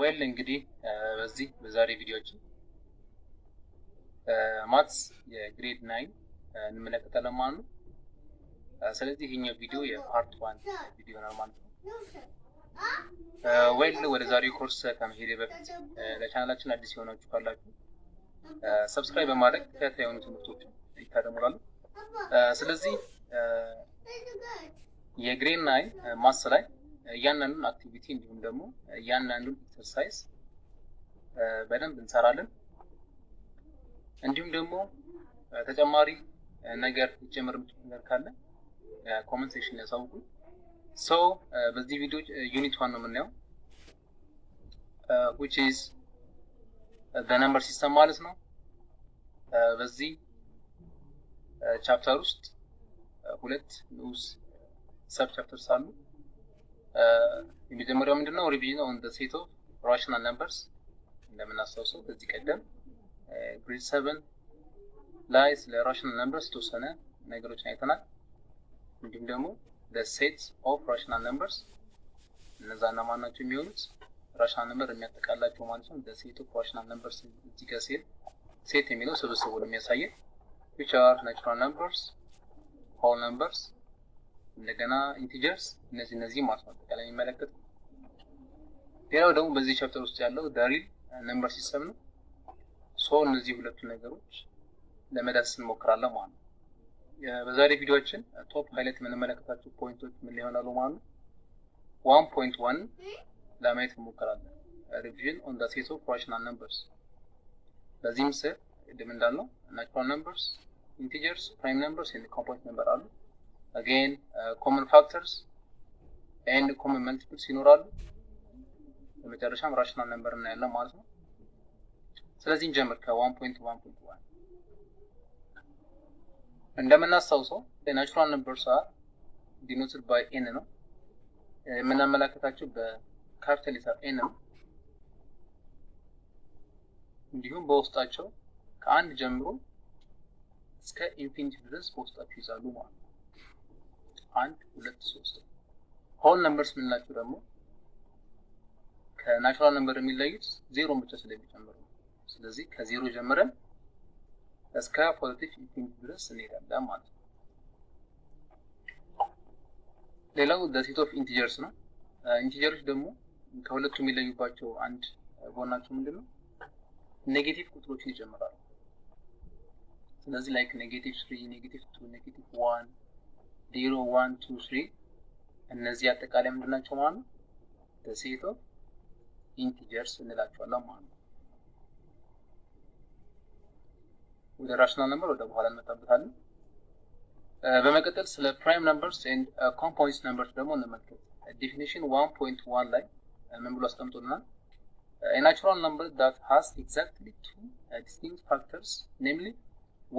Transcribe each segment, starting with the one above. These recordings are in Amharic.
ዌል እንግዲህ በዚህ በዛሬ ቪዲዮችን ማትስ የግሬድ ናይን እንመለከታለን ማለት ነው። ስለዚህ ይሄኛው ቪዲዮ የፓርት ዋን ቪዲዮ ነው ማለት ነው። ዌል ወደ ዛሬው ኮርስ ከመሄድ በፊት ለቻናላችን አዲስ የሆናችሁ ካላችሁ ሰብስክራይብ በማድረግ ተከታታይ የሆኑ ትምህርቶችን ይታደሙላሉ። ስለዚህ የግሬድ ናይን ማስ ላይ እያንዳንዱን አክቲቪቲ እንዲሁም ደግሞ እያንዳንዱን ኤክሰርሳይዝ በደንብ እንሰራለን። እንዲሁም ደግሞ ተጨማሪ ነገር ይጨምር ነገር ካለ ኮመንት ሴክሽን ላይ ያሳውቁ። ሰው በዚህ ቪዲዮ ዩኒት ዋን ነው የምናየው which is በነምበር ሲስተም ማለት ነው። በዚህ ቻፕተር ውስጥ ሁለት ንዑስ ሰብ ቻፕተርስ አሉ። የመጀመሪያው ምንድነው ሪቪዥን ኦን ሴት ኦፍ ራሽናል ነምበርስ እንደምናስታውሰው ከዚህ ቀደም ግሪድ ሰቨን ላይ ስለ ራሽናል ነምበርስ የተወሰነ ነገሮችን አይተናል። እንዲሁም ደግሞ ሴት ኦፍ ራሽናል ነምበርስ እነዛ ና ማናቸው የሚሆኑት ራሽናል ነምበር የሚያጠቃላቸው ማለት ነው። ሴት ኦፍ ራሽናል ነምበርስ እዚህ ጋር ሴት ሴት የሚለው ስብስቡን የሚያሳየን ዊች አር ናቹራል ነምበርስ ሆል ነምበርስ እንደገና ኢንቲጀርስ እነዚህ እነዚህ ማለት ነው አጠቃላይ የሚመለከት ሌላው ደግሞ በዚህ ቻፕተር ውስጥ ያለው ደሪል ነምበር ሲስተም ነው። ሶ እነዚህ ሁለቱ ነገሮች ለመዳስ እንሞክራለን ማለት ነው። በዛሬ ቪዲዮችን ቶፕ ሃይላይት የምንመለከታቸው ፖይንቶች ምን ሊሆናሉ ማለት ነው። ዋን ፖይንት ዋን ለማየት እንሞክራለን። ሪቪዥን ኦን ሴት ኦፍ ራሽናል ነምበርስ። በዚህ ምስል ቅድም እንዳልነው ናቹራል ነምበርስ፣ ኢንቲጀርስ፣ ፕራይም ነምበርስ ኤንድ ኮምፖነንት ነምበር አሉ። አጌን ኮመን ፋክተርስ ኤንድ ኮመን መልቲፕልስ ይኖራሉ። በመጨረሻም ራሽናል ነምበር እናያለን ማለት ነው። ስለዚህ እንጀምር ከዋን ፖይንት ዋን ፖይንት ዋን እንደምናስታውሰው ናቹራል ነምበርስ አር ዲኖትድ ባይ ኤን ነው የምናመላከታቸው በካፒታል ሌተር ኤን ነው። እንዲሁም በውስጣቸው ከአንድ ጀምሮ እስከ ኢንፊኒቲ ድረስ በውስጣቸው ይዛሉ ማለት ነው። አንድ ሁለት ሶስት። ሆል ነምበርስ የምንላቸው ደግሞ ከናቹራል ነምበር የሚለዩት ዜሮን ብቻ ስለሚጨምሩ ነው። ስለዚህ ከዜሮ ጀምረን እስከ ፖዚቲቭ ኢንፊኒቲ ድረስ እንሄዳለን ማለት ነው። ሌላው ዘሴት ኦፍ ኢንቲጀርስ ነው። ኢንቲጀሮች ደግሞ ከሁለቱ የሚለዩባቸው አንድ ጎናቸው ምንድን ነው? ኔጌቲቭ ቁጥሮችን ይጨምራሉ። ስለዚህ ላይክ ኔጌቲቭ ስሪ፣ ኔጌቲቭ ቱ፣ ኔጌቲቭ ዋን ዜሮ ዋን ቱ ስሪ እነዚህ አጠቃላይ ምንድን ናቸው ማለት ነው? ደሴቶ ኢንቲጀርስ እንላቸዋለን ማለት ነው። ወደ ራሽናል ነምበር ወደ በኋላ እንመጣበታለን። በመቀጠል ስለ ፕራይም ነምበርስ ኤንድ ኮምፖዚት ነምበርስ ደግሞ እንመልከት። ዴፊኒሽን ዋን ፖይንት ዋን ላይ ምን ብሎ አስቀምጦልናል? ናቹራል ነምበር ዳት ሃዝ ኤግዛክትሊ ቱ ዲስቲንክት ፋክተርስ ኔምሊ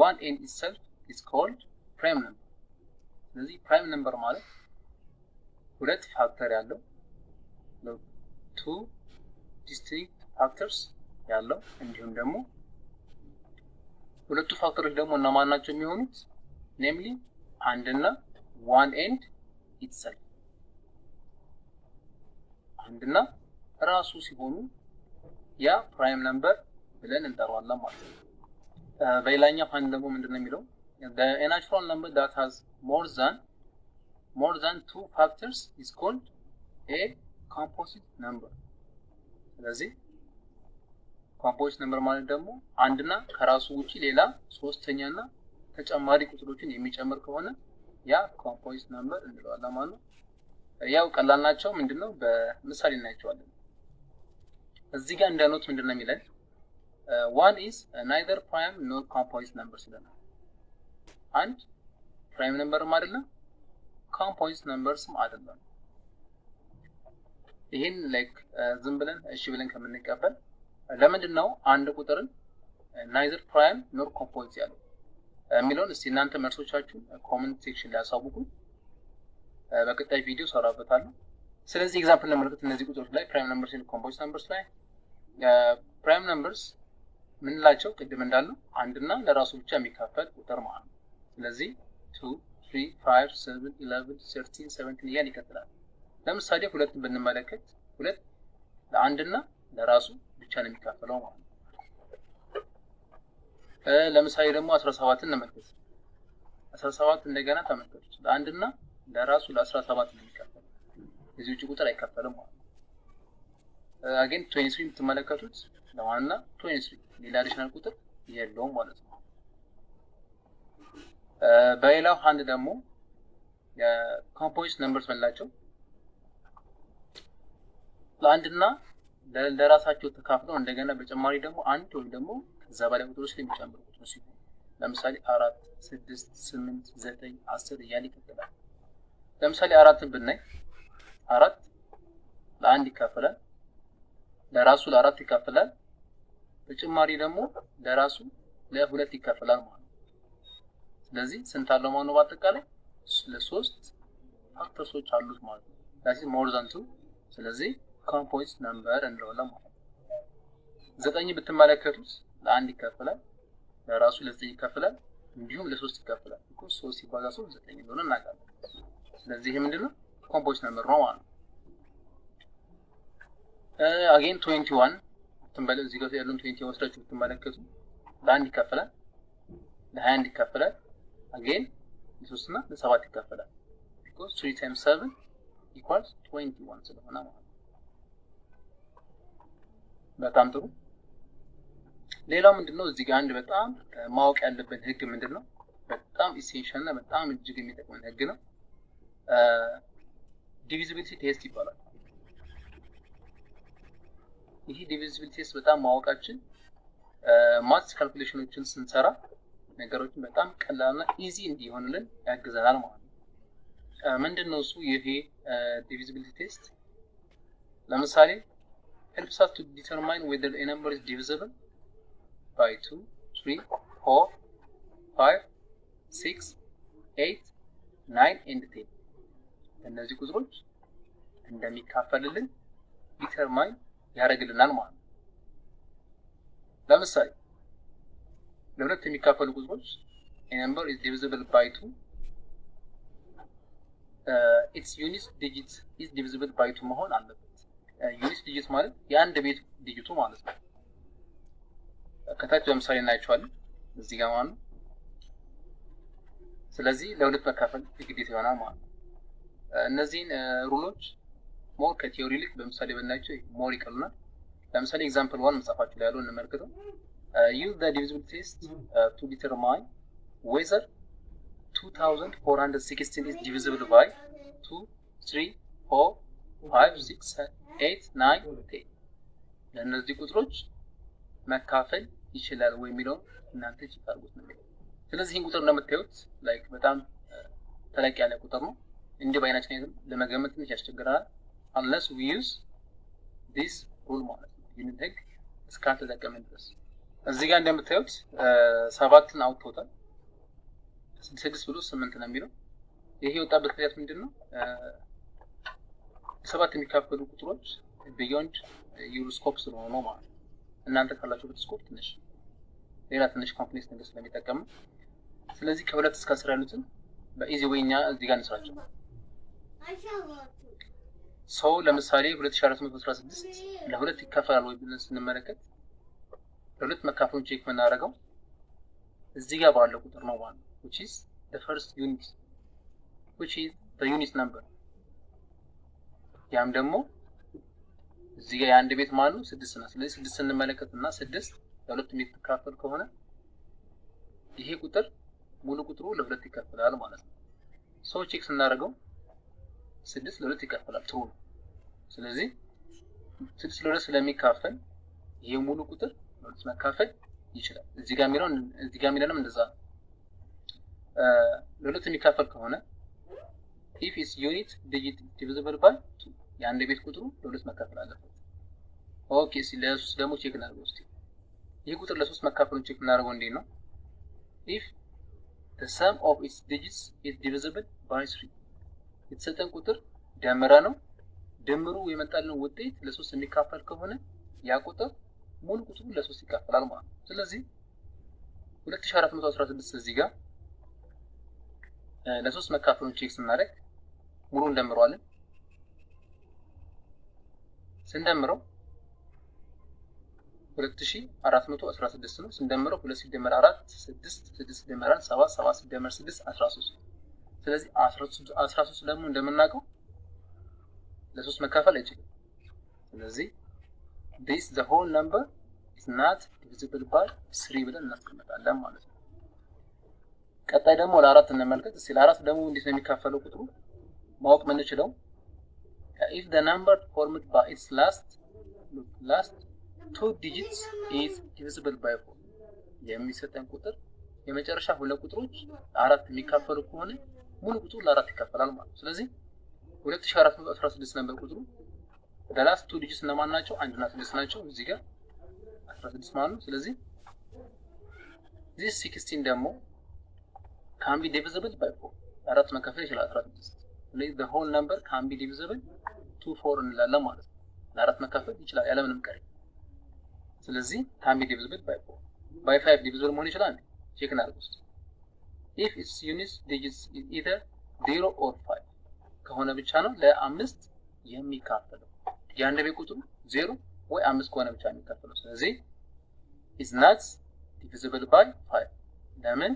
ዋን ኤንድ ኢትሰልፍ ኢዝ ኮልድ ፕራይም ነምበር ስለዚህ ፕራይም ነምበር ማለት ሁለት ፋክተር ያለው ቱ ዲስቲንክት ፋክተርስ ያለው እንዲሁም ደግሞ ሁለቱ ፋክተሮች ደግሞ እነማን ናቸው የሚሆኑት? ኔምሊ አንድ እና ዋን ኤንድ ኢትሰልፍ እና ራሱ ሲሆኑ ያ ፕራይም ነምበር ብለን እንጠራዋለን ማለት ነው። በሌላኛው ፋንድ ደግሞ ምንድን ነው የሚለው ናቹራል ነምበር ዳት ሃዝ more than more than two factors is called a composite number ስለዚህ ኮምፖዚት ነምበር ማለት ደግሞ አንድና ከራሱ ውጪ ሌላ ሶስተኛና ተጨማሪ ቁጥሮችን የሚጨምር ከሆነ ያ ኮምፖዚት ነምበር እንለዋለን ማለት ነው። ያው ቀላል ናቸው። ምንድነው በምሳሌ እናያቸዋለን። እዚህ ጋር እንደኖት ምንድነው የሚለን ዋን ኢዝ ናይዘር ፕራይም ኖር ኮምፖዚት ነምበር ስለናል አንድ ፕራይም ነምበርም አይደለም፣ ኮምፖዚት ነምበርስም አይደለም። ይህን ላይክ ዝም ብለን እሺ ብለን ከምንቀበል ለምንድን ነው አንድ ቁጥርን ናይዘር ፕራይም ኖር ኮምፖዚት ያለው የሚለውን እስቲ እናንተ መርሶቻችሁ ኮመንት ሴክሽን ላይ አሳውቁ። በቀጣይ ቪዲዮ ሰራበታለሁ። ስለዚህ ኤግዛምፕል እንመልከት። እነዚህ ቁጥሮች ላይ ፕራይም ነምበርስ እና ኮምፖዚት ነምበርስ ላይ ፕራይም ነምበርስ ምንላቸው ቅድም እንዳልነው አንድና ለራሱ ብቻ የሚካፈል ቁጥር ማለት ነው። ስለዚህ ቱ ትሪ ይቀጥላል። ለምሳሌ ሁለትን ብንመለከት ሁለት ለአንድና ለራሱ ብቻ ነው የሚካፈለው ማለት ነው። ለምሳሌ ደግሞ አስራ ሰባትን እንመልከት። አስራ ሰባት እንደገና ተመልከቱት ለአንድና ለራሱ ለአስራ ሰባት ነው የሚካፈለው እዚህ ውጭ ቁጥር አይካፈልም ማለት ነው። አገን ቶኒ የምትመለከቱት ለዋና ቶኒ ስሪ ሌላ አዲሽናል ቁጥር የለውም ማለት ነው። በሌላው ሀንድ ደግሞ ኮምፖዚት ነምበርስ ምንላቸው ለአንድና ለራሳቸው ተካፍለው እንደገና በጨማሪ ደግሞ አንድ ወይም ደግሞ ከዛ በላይ ቁጥሮች የሚጨምሩ ቁጥሮች ሲሆኑ ለምሳሌ አራት፣ ስድስት፣ ስምንት፣ ዘጠኝ፣ አስር እያለ ይቀጥላል። ለምሳሌ አራትን ብናይ አራት ለአንድ ይካፈላል፣ ለራሱ ለአራት ይካፈላል፣ በጭማሪ ደግሞ ለራሱ ለሁለት ይካፈላል ማለት ነው። ስለዚህ ስንት አለው ማለት ነው? በአጠቃላይ ለሶስት ፋክተርሶች አሉት ማለት ነው። ዳት ሞር ዘንቱ ስለዚህ ኮምፖዚት ነምበር እንደሆነ ማለት ነው። ዘጠኝ ብትመለከቱት ለአንድ ይከፍላል፣ ለራሱ ለዘጠኝ ይከፍላል፣ እንዲሁም ለሶስት ይከፍላል። እኮ ሶስት ሲባዛ ሶስት ዘጠኝ እንደሆነ እናውቃለን። ስለዚህ ይሄ ምንድነው ኮምፖዚት ነምበር ነው ማለት ነው። አጌን ትዌንቲ ዋን እዚህ ጋር ያለውን ትዌንቲ ወስዳችሁ ብትመለከቱ ለአንድ ይከፍላል፣ ለሀያ አንድ ይከፍላል አጌን ለሶስት እና ለሰባት ይካፈላል። ቢኮዝ ትሪ ታይምስ ሰቨን ኢኳልስ ትዌንቲ ዋን ስለሆነ ማለት ነው። በጣም ጥሩ። ሌላው ምንድን ነው እዚህ ጋር አንድ በጣም ማወቅ ያለብን ህግ ምንድን ነው? በጣም ኢሴንሻል እና በጣም እጅግ የሚጠቅመን ህግ ነው። ዲቪዚቢሊቲ ቴስት ይባላል። ይህ ዲቪዚቢሊቲ ቴስት በጣም ማወቃችን ማስ ካልኩሌሽኖችን ስንሰራ ነገሮችን በጣም ቀላልና ኢዚ እንዲሆንልን ያግዘናል ማለት ነው። ምንድን ነው እሱ? ይሄ ዲቪዚቢሊቲ ቴስት ለምሳሌ helps us to determine whether ኤ number is divisible by 2, 3, 4, 5, 6, 8, 9 and 10 እነዚህ ቁጥሮች እንደሚካፈልልን ዲተርማይን ያደርግልናል ማለት ነው። ለምሳሌ ለሁለት የሚካፈሉ ቁጥሮች ነምበር ኢዝ ዲቪዚብል ባይ ቱ ኢትስ ዩኒት ዲጂት ኢዝ ዲቪዚብል ባይ ቱ መሆን አለበት። ዩኒት uh, ዲጂት ማለት የአንድ ቤት ዲጂቱ ማለት ነው። uh, ከታች በምሳሌ እናያቸዋለን እዚህ ጋር ማለት ነው። ስለዚህ ለሁለት መካፈል ግዴታ ይሆናል ማለት ነው። uh, እነዚህን ሩሎች ሞር ከቲዮሪ ይልቅ በምሳሌ ብናያቸው ሞር ይቀሉናል። ለምሳሌ ኤግዛምፕል ዋን መጽሐፋችሁ ላይ ያለው እንመልክተው use uh, the divisible test hmm. uh, to determine whether 2416 is divisible by 2, 3, 4, 5, 6, 8, 9, 10 ለእነዚህ ቁጥሮች መካፈል ይችላል ወይ የሚለውን እናንተ ይችላልጉት ነው። ስለዚህ ይህን ቁጥር እንደምታዩት ላይክ በጣም uh, ተለቅ ያለ ቁጥር ነው። እንዲህ በአይናችን አይተን ለመገመት ትንሽ ያስቸግራል። አንለስ ዊ ዩዝ ዲስ ሩል ማለት ነው። ይህንን ህግ እስካልተጠቀምን ድረስ እዚህ ጋር እንደምታዩት ሰባትን አውጥቶታል። ስድስት ብሎ ስምንት ነው የሚለው። ይህ የወጣበት ምክንያት ምንድን ነው? ሰባት የሚካፈሉ ቁጥሮች ቢዮንድ ዩሮስኮፕ ስለሆኑ ማለት ነው። እናንተ ካላችሁበት ስኮፕ ትንሽ ሌላ ትንሽ ኮምፕሌክስ ነገር ስለሚጠቀሙ ስለዚህ ከሁለት እስከ አስር ያሉትን በኢዚ ወይ እኛ እዚህ ጋር እንስራቸው። ሰው ለምሳሌ ስድስት ለሁለት ይካፈላል ወይ ብለን ስንመለከት ለሁለት መካፈሉን ቼክ የምናደርገው እዚህ ጋር ባለው ቁጥር ነው ማለት ነው። which is the first unit which is the unit number ያም ደግሞ እዚህ ጋር የአንድ ቤት ማለት ነው ስድስት ነው። ስለዚህ ስድስት ስንመለከት እና ስድስት ለሁለት የሚካፈል ከሆነ ይሄ ቁጥር ሙሉ ቁጥሩ ለሁለት ይከፈላል ማለት ነው። ሶ ቼክ ስናደርገው ስድስት ለሁለት ይከፈላል ትሩ ነው። ስለዚህ ስድስት ለሁለት ስለሚካፈል ይሄ ሙሉ ቁጥር ኖቲስ መካፈል ይችላል። እዚህ ጋር የሚለውን እዚህ ጋር የሚለንም እንደዛ ነው። ለሁለት የሚካፈል ከሆነ ኢፍ ኢስ ዩኒት ዲጂት ዲቪዚብል ባይ ቱ የአንድ ቤት ቁጥሩ ለሁለት መካፈል አለበት። ኦኬ ሲ ለሶስት ደግሞ ቼክ እናደርገው እስቲ። ይህ ቁጥር ለሶስት መካፈሉን ቼክ እናደርገው እንዴት ነው? ኢፍ ዘ sum ኦፍ ኢትስ ዲጂትስ ኢዝ divisible ባይ 3 የተሰጠን ቁጥር ደምረ ነው ድምሩ የመጣልን ውጤት ለሶስት የሚካፈል ከሆነ ያ ቁጥር ሙሉ ቁጥሩ ለሶስት ይካፈላል ማለት ነው። ስለዚህ 2416 እዚህ ጋር ለሶስት መካፈሉን ቼክ ስናደርግ ሙሉ እንደምረዋለን። ስንደምረው 2416 ነው። ስንደምረው 2 ሲደመር 4 6 6 ሲደመር 4 7 7 ሲደመር 6 13 ስለዚህ 13 ደግሞ እንደምናውቀው ለሶስት መካፈል አይችልም። ስለዚህ this the whole number is not divisible by 3 ብለን እናስቀምጣለን ማለት ነው። ቀጣይ ደግሞ ለአራት እንመልከት። እስቲ ለአራት ደግሞ እንዴት ነው የሚካፈለው ቁጥሩ ማወቅ የምንችለው if the number formed by its last last two digits is divisible by 4 የሚሰጠን ቁጥር የመጨረሻ ሁለት ቁጥሮች አራት የሚካፈሉ ከሆነ ሙሉ ቁጥሩ ለአራት ይካፈላል ማለት ነው። ስለዚህ 2416 ነበር ቁጥሩ ወደ ቱ ዲጂትስ እነማን ናቸው? እና ስድስት ናቸው። እዚህ ጋር 16 ማለት ነው። ስለዚህ ዚስ 16 ደግሞ ካምቢ ቢ ዲቪዚብል ባይ 4 አራት መከፈል ይችላል 16 ስለዚህ ዘ ሆል ነምበር ካን ዲቪዚብል ቱ ፎር እንላለን ማለት ነው። ለአራት መከፈል ይችላል ያለምንም ቀሪ። ስለዚህ ካን ዲቪዚብል ባይ ፎር ባይ ፋይቭ ዲቪዚብል መሆን ይችላል። ቼክ እናድርግ ውስጥ ኢፍ ኢትስ ዩኒትስ ዲጂትስ ኢዘር ዜሮ ኦር ፋይቭ ከሆነ ብቻ ነው ለአምስት የሚካፈለው። የአንድ ቤት ቁጥሩ ዜሮ ወይ አምስት ከሆነ ብቻ የሚከፈለው። ስለዚህ ኢዝ ናት ዲቪዚብል ባይ ፋይቭ። ለምን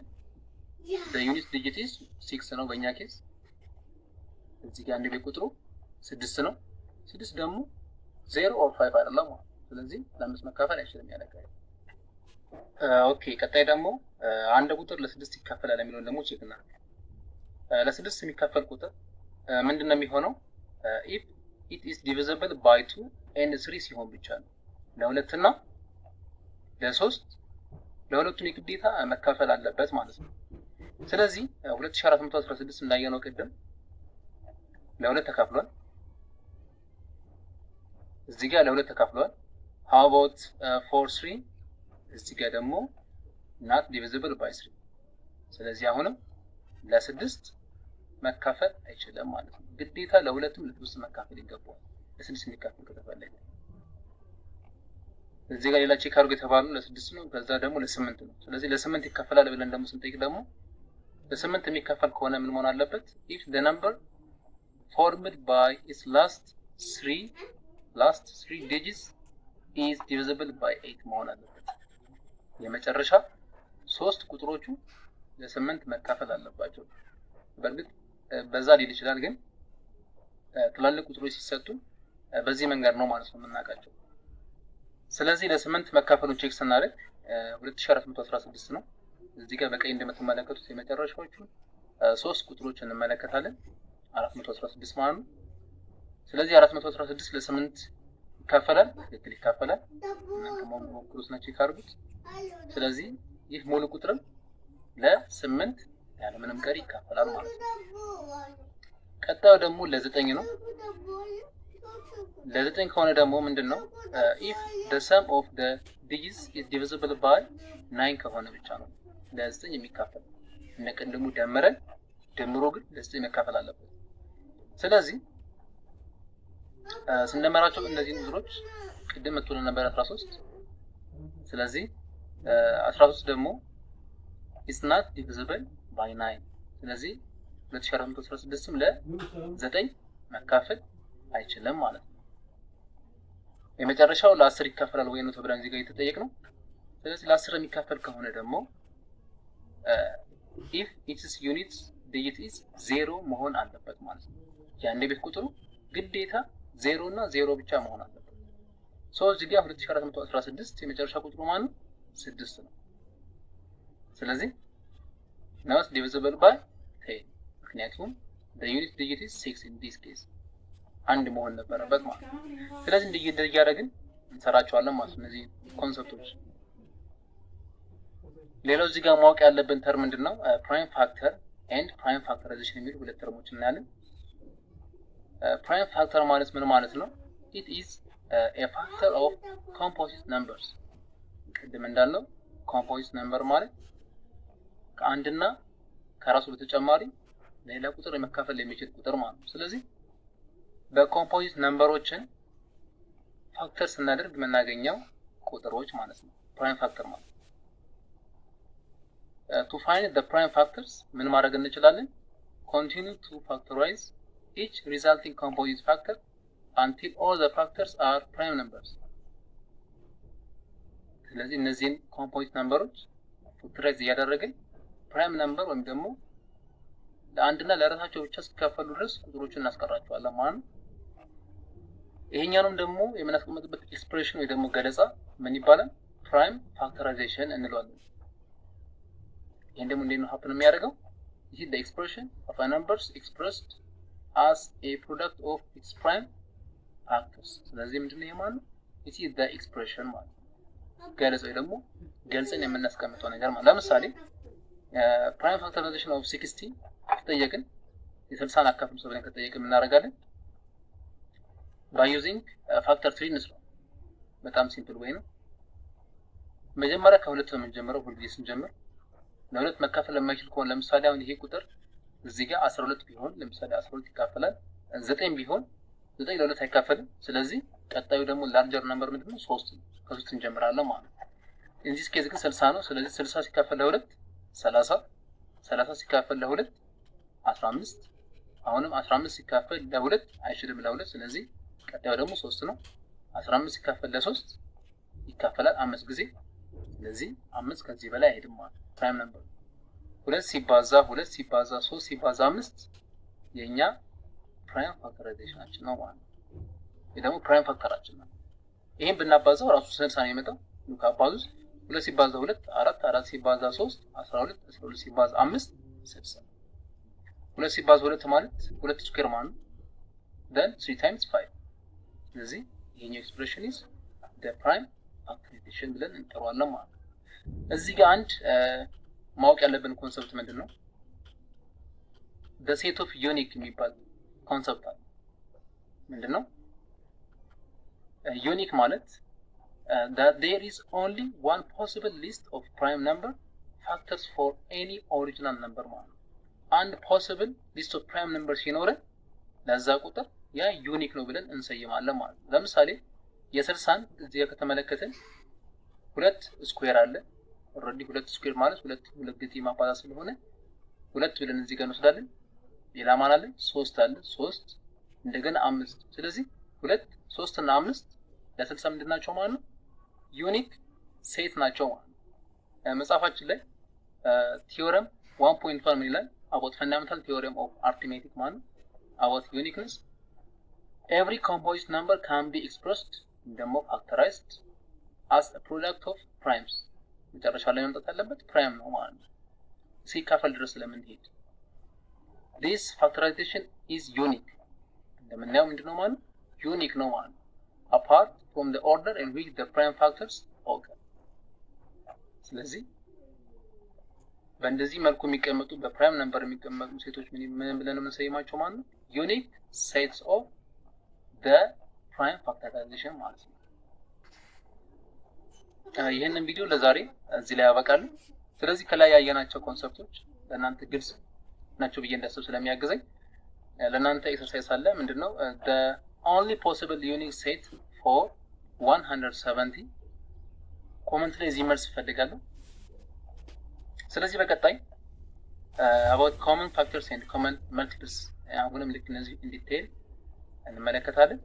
በዩኒት ዲጂት ሲክስ ነው በእኛ ኬስ። እዚህ ጋር ቤት ቁጥሩ ስድስት ነው። ስድስት ደግሞ ዜሮ ኦር ፋይቭ አይደለም። ስለዚህ ለአምስት መካፈል አይችልም። ያለቀው ኦኬ። uh, ቀጣይ ደግሞ uh, አንድ ቁጥር ለስድስት ይከፈላል የሚለውን ደግሞ ቼክ እናደርጋለን። uh, ለስድስት የሚከፈል ቁጥር ምንድን ነው የሚሆነው ኢፍ ኢት ኢዝ ዲቪዘብል ባይ ቱ ኤንድ ስሪ ሲሆን ብቻ ነው። ለሁለትና ለሶስት ለሁለቱን የግዴታ መካፈል አለበት ማለት ነው። ስለዚህ 2416 እንዳየነው ቅድም ለሁለት ተካፍሏል። እዚህ ጋር ለሁለት ተካፍሏል። ሃው አባውት ፎር ስሪ እዚህ ጋር ደግሞ ናት ዲቪዚብል ባይ ስሪ። ስለዚህ አሁንም ለስድስት መካፈል አይችልም ማለት ነው። ግዴታ ለሁለቱም ልብስ መካፈል ይገባዋል። ለስድስት የሚካፈል ከተፈለገ እዚህ ጋር ሌላ ቼክ አድርጎ የተባሉ ለስድስት ነው፣ ከዛ ደግሞ ለስምንት ነው። ስለዚህ ለስምንት ይከፈላል ብለን ደግሞ ስንጠይቅ ደግሞ ለስምንት የሚከፈል ከሆነ ምን መሆን አለበት? ኢፍ ደ ነምበር ፎርምድ ባይ ኢትስ ላስት ስሪ ላስት ስሪ ዲጂትስ ኢዝ ዲቪዚብል ባይ ኤት መሆን አለበት። የመጨረሻ ሶስት ቁጥሮቹ ለስምንት መካፈል አለባቸው። በእርግጥ በዛ ሊል ይችላል። ግን ትላልቅ ቁጥሮች ሲሰጡ በዚህ መንገድ ነው ማለት ነው የምናውቃቸው። ስለዚህ ለስምንት መካፈሉን ቼክ ስናደርግ 2416 ነው። እዚህ ጋር በቀይ እንደምትመለከቱት የመጨረሻዎቹ ሶስት ቁጥሮች እንመለከታለን 416 ማለት ነው። ስለዚህ 416 ለስምንት ይካፈላል። ትክክል ይካፈላል። ሞክሩት ነች ካርጉት። ስለዚህ ይህ ሙሉ ቁጥርም ለስምንት ያለምንም ቀሪ ይካፈላል ማለት ነው። ቀጣዩ ደግሞ ለዘጠኝ ነው። ለዘጠኝ ከሆነ ደግሞ ምንድን ነው ኢፍ the sum of the digits is divisible by 9 ከሆነ ብቻ ነው ለዘጠኝ የሚካፈል እነ ቅድሙ ደምረን ደምሮ ግን ለዘጠኝ መካፈል አለበት። ስለዚህ ስንደመራቸው እነዚህን ቁጥሮች ቅድም መጥቶ ነበር 13 ስለዚህ 13 ደግሞ it's not divisible ባይ ናይን። ስለዚህ ሁለት 2416ም ለዘጠኝ መካፈል አይችልም ማለት ነው። የመጨረሻው ለአስር ይካፈላል ወይ ነው ተብለን እዚህ ጋር የተጠየቅነው። ስለዚህ ለአስር የሚካፈል ከሆነ ደግሞ ኢፍ ኢትስ ዩኒት ዲጂት ኢዝ ዜሮ መሆን አለበት ማለት ነው። የአንድ ቤት ቁጥሩ ግዴታ ዜሮ እና ዜሮ ብቻ መሆን አለበት። ሶ እዚህ ጋር 2416 የመጨረሻ ቁጥሩ ማነው? ስድስት ነው። ስለዚህ Now it's divisible by 10 ምክንያቱም the unit digit is 6 in this case አንድ መሆን ነበረበት ማለት ነው። ስለዚህ እንዲህ እያደረግን እንሰራቸዋለን ማለት ነው። እነዚህ ኮንሰፕቶች ሌላው እዚህ ጋር ማወቅ ያለብን ተርም ምንድን ነው? ፕራይም ፋክተር ኤንድ ፕራይም ፋክተራይዜሽን የሚሉ ሁለት ተርሞች እናያለን። ፕራይም uh, ፋክተር ማለት ምን ማለት ነው? ኢት ኢዝ ኤ ፋክተር ኦፍ ኮምፖዚት ነምበርስ። ቅድም እንዳልነው ኮምፖዚት ነምበር ማለት ከአንድና ከራሱ በተጨማሪ ለሌላ ቁጥር መካፈል የሚችል ቁጥር ማለት ነው። ስለዚህ በኮምፖዚት ነምበሮችን ፋክተር ስናደርግ የምናገኘው ቁጥሮች ማለት ነው፣ ፕራይም ፋክተር ማለት ነው። ቱ ፋይንድ ዘ ፕራይም ፋክተርስ ምን ማድረግ እንችላለን? ኮንቲኒው ቱ ፋክተራይዝ ኢች ሪዛልቲንግ ኮምፖዚት ፋክተር አንቲል ኦል ዘ ፋክተርስ አር ፕራይም ነምበርስ። ስለዚህ እነዚህን ኮምፖዚት ነምበሮች ፋክተራይዝ እያደረግን ፕራይም ነምበር ወይም ደግሞ ለአንድና ለራሳቸው ብቻ እስኪከፈሉ ድረስ ቁጥሮችን እናስቀራቸዋለን ማለት ነው። ደግሞ የምናስቀምጥበት ኤክስፕሬሽን ወይ ደግሞ ገለጻ ምን ይባላል? ፕራይም ፋክተራይዜሽን እንለዋለን። ይህን ደግሞ እንዴት ነው ሀፕን የሚያደርገው? ይህ ኤክስፕሬሽን ኦፍ ነምበርስ ኤክስፕረስድ አስ ኤ ፕሮዳክት ኦፍ ኢትስ ፕራይም ፋክተርስ። ስለዚህ ምንድን ነው ይሄ ማለት ነው? ኢት ኤክስፕሬሽን ማለት ነው። ገለጻ ወይ ደግሞ ገልጽን የምናስቀምጠው ነገር ማለት ለምሳሌ ፕራይም ፋክተራይዜሽን ኦፍ ሲክስቲ ከተጠየቅን የስልሳን አካፍም ሰብለን ከተጠየቅን የምናደርጋለን ባዩዚንግ ፋክተር ትሪ ነው በጣም ሲምፕል ወይ ነው። መጀመሪያ ከሁለት ነው የምንጀምረው። ሁልጊዜ ስንጀምር ለሁለት መካፈል የማይችል ከሆነ ለምሳሌ አሁን ይሄ ቁጥር እዚህ ጋር አስራ ሁለት ቢሆን ለምሳሌ አስራ ሁለት ይካፈላል ዘጠኝ ቢሆን ዘጠኝ ለሁለት አይካፈልም። ስለዚህ ቀጣዩ ደግሞ ላርጀር ነምበር ምንድነው? ሶስት ነው። ከሶስት እንጀምራለን ማለት ነው። ኢንዚስ ኬዝ ግን ስልሳ ነው። ስለዚህ ስልሳ ሲካፈል ለሁለት ሰላሳ ሰላሳ ሲካፈል ለሁለት አስራ አምስት አሁንም አስራ አምስት ሲካፈል ለሁለት አይችልም ለሁለት ስለዚህ ቀጣዩ ደግሞ ሶስት ነው አስራ አምስት ሲካፈል ለሶስት ይካፈላል አምስት ጊዜ ስለዚህ አምስት ከዚህ በላይ አይሄድም ማለት ፕራይም ነምበር ሁለት ሲባዛ ሁለት ሲባዛ ሶስት ሲባዛ አምስት የእኛ ፕራይም ፋክተራይዜሽናችን ነው ማለት ነው። ይህ ደግሞ ፕራይም ፋክተራችን ነው። ይህም ብናባዛው ራሱ ስልሳ ነው የመጣው ካባዙት ሁለት ሲባዛ ሁለት አራት አራት ሲባዛ ሶስት አስራ ሁለት አስራ ሁለት ሲባዛ አምስት ስልሳ ሁለት ሲባዛ ሁለት ማለት ሁለት ስኩዌር ማለት ነው። ደን ትሪ ታይምስ ፋይቭ ስለዚህ ይሄኛው ኤክስፕሬሽን ኢዝ ደ ፕራይም አፕሊኬሽን ብለን እንጠራዋለን ማለት ነው። እዚህ ጋር አንድ ማወቅ ያለብን ኮንሰፕት ምንድን ነው? ደ ሴት ኦፍ ዩኒክ የሚባል ኮንሰፕት አለ። ምንድን ነው ዩኒክ ማለት uh, that there is only one possible list of prime number factors for any original number ማለት ነው። አንድ possible list of prime number ሲኖረን ለዛ ቁጥር ያ ዩኒክ ነው ብለን እንሰይማለን ማለት ነው። ለምሳሌ የስልሳን እዚህ ከተመለከትን ሁለት ስኩዌር አለ። ኦልሬዲ ሁለት ስኩዌር ማለት ሁለት ሁለት ጊዜ ማባዛት ስለሆነ ሁለት ብለን እዚህ ጋር እንወስዳለን። ሌላ ማን አለ? ሶስት አለ። ሶስት እንደገና አምስት። ስለዚህ ሁለት ሶስት እና አምስት ለስልሳ ምንድን ናቸው ማለት ነው ዩኒክ ሴት ናቸው ማለት ነው። መጽሐፋችን ላይ ቲዮረም ዋን ፖይንት ዋን ምን ይላል? አቦት ፈንዳሜንታል ቲዮረም ኦፍ አርትሜቲክ ማለት አቦት ዩኒክነስ ኤቭሪ ኮምፖዚት ነምበር ካን ቢ ኤክስፕረስድ ደግሞ ፋክተራይዝድ አስ ፕሮዳክት ኦፍ ፕራይምስ መጨረሻ ላይ መምጣት ያለበት ፕራይም ነው ማለት ነው። ሲካፈል ድረስ ስለምንሄድ ዲስ ፋክተራይዜሽን ኢዝ ዩኒክ እንደምናየው ምንድነው ማለት ዩኒክ ነው ማለት ነው። አፓርት from the order in which the prime factors occur። ስለዚህ በእንደዚህ መልኩ የሚቀመጡ በፕራይም ነምበር የሚቀመጡ ሴቶች ምን ብለን የምንሰይማቸው ማለት ነው? ዩኒክ ሴትስ ኦፍ ደ ፕራይም ፋክተራይዜሽን ማለት ነው። ይህንን ቪዲዮ ለዛሬ እዚህ ላይ ያበቃሉ። ስለዚህ ከላይ ያየናቸው ኮንሰፕቶች ለእናንተ ግልጽ ናቸው ብዬ እንዳስብ ስለሚያግዘኝ ለእናንተ ኤክሰርሳይዝ አለ ምንድን ነው only possible unique set for 170 ኮመንት ላይ እዚህ መልስ እፈልጋለሁ። ስለዚህ በቀጣይ አባውት ኮመን ፋክተርስ ኤንድ ኮመን መልቲፕልስ አሁንም ልክ እነዚህ ኢን እንመለከታለን።